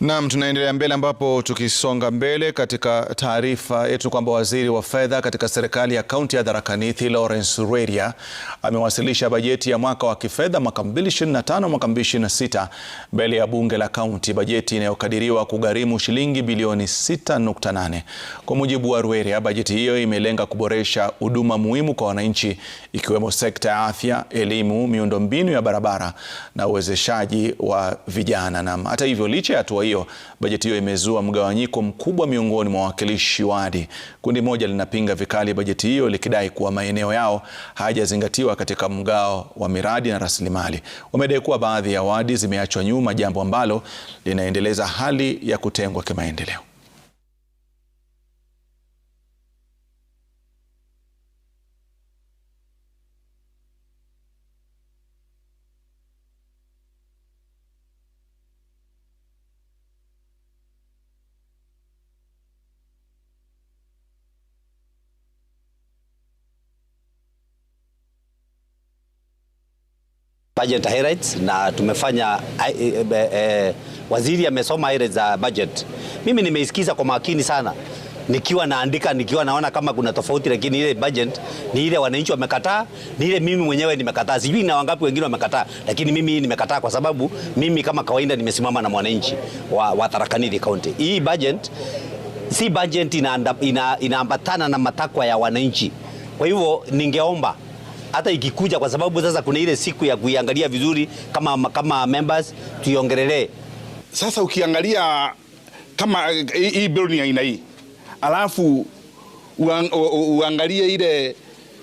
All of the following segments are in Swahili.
Naam, tunaendelea mbele ambapo tukisonga mbele katika taarifa yetu kwamba waziri wa fedha katika serikali ya kaunti ya Tharaka Nithi Lawrence Rweria amewasilisha bajeti ya mwaka wa kifedha mwaka 2025 mwaka 2026 mbele ya bunge la kaunti, bajeti inayokadiriwa kugharimu shilingi bilioni 6.8. Kwa mujibu wa Rweria, bajeti hiyo imelenga kuboresha huduma muhimu kwa wananchi ikiwemo sekta ya afya, elimu, miundombinu ya barabara na uwezeshaji wa vijana. Naam, hata hivyo licha ya hatua hiyo, bajeti hiyo imezua mgawanyiko mkubwa miongoni mwa wawakilishi wadi. Kundi moja linapinga vikali bajeti hiyo likidai kuwa maeneo yao hayajazingatiwa katika mgao wa miradi na rasilimali. Wamedai kuwa baadhi ya wadi zimeachwa nyuma, jambo ambalo linaendeleza hali ya kutengwa kimaendeleo. budget highlights na tumefanya e, e, e, waziri amesoma highlights za budget. Mimi nimeisikiza kwa makini sana nikiwa naandika nikiwa naona kama kuna tofauti, lakini ile budget ni ile wananchi wamekataa, ni ile mimi mwenyewe nimekataa. Sijui na wangapi wengine wamekataa, lakini mimi nimekataa kwa sababu mimi kama kawaida nimesimama na mwananchi wa, wa Tharaka Nithi County. Hii budget si budget inaambatana ina, ina na matakwa ya wananchi. Kwa hivyo ningeomba hata ikikuja, kwa sababu sasa kuna ile siku ya kuiangalia vizuri kama, kama members tuiongelelee. Sasa ukiangalia kama eh, hii building aina hii alafu uang, uangalie ile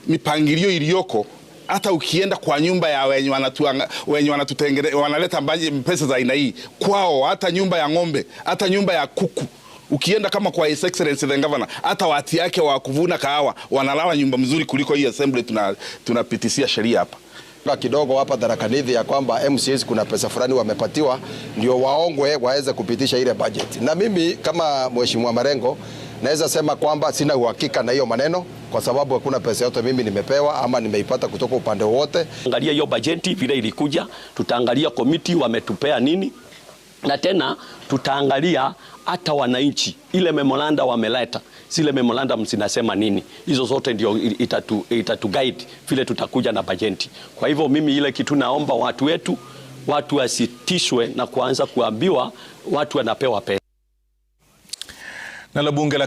mipangilio iliyoko hata ukienda kwa nyumba ya wenye wanatuanga, wenye wanatutengeneza wanaleta pesa za aina hii kwao, hata nyumba ya ng'ombe, hata nyumba ya kuku ukienda kama kwa His Excellency the Governor, hata wati yake wa kuvuna kahawa wanalala nyumba mzuri kuliko hii assembly tunapitishia tuna sheria hapa kidogo hapa tarakanidhi ya kwamba MCAs kuna pesa fulani wamepatiwa ndio waongwe waweze kupitisha ile budget. Na mimi kama mheshimiwa Marengo naweza sema kwamba sina uhakika na hiyo maneno kwa sababu hakuna pesa yote mimi nimepewa ama nimeipata kutoka upande wote. Angalia hiyo bajeti vile ilikuja, tutaangalia committee wametupea nini na tena tutaangalia hata wananchi ile memoranda wameleta, zile memoranda msinasema nini? Hizo zote ndio itatu, itatu guide vile tutakuja na bajenti. Kwa hivyo mimi ile kitu naomba watu wetu, watu wasitishwe na kuanza kuambiwa watu wanapewa pesa na la bunge la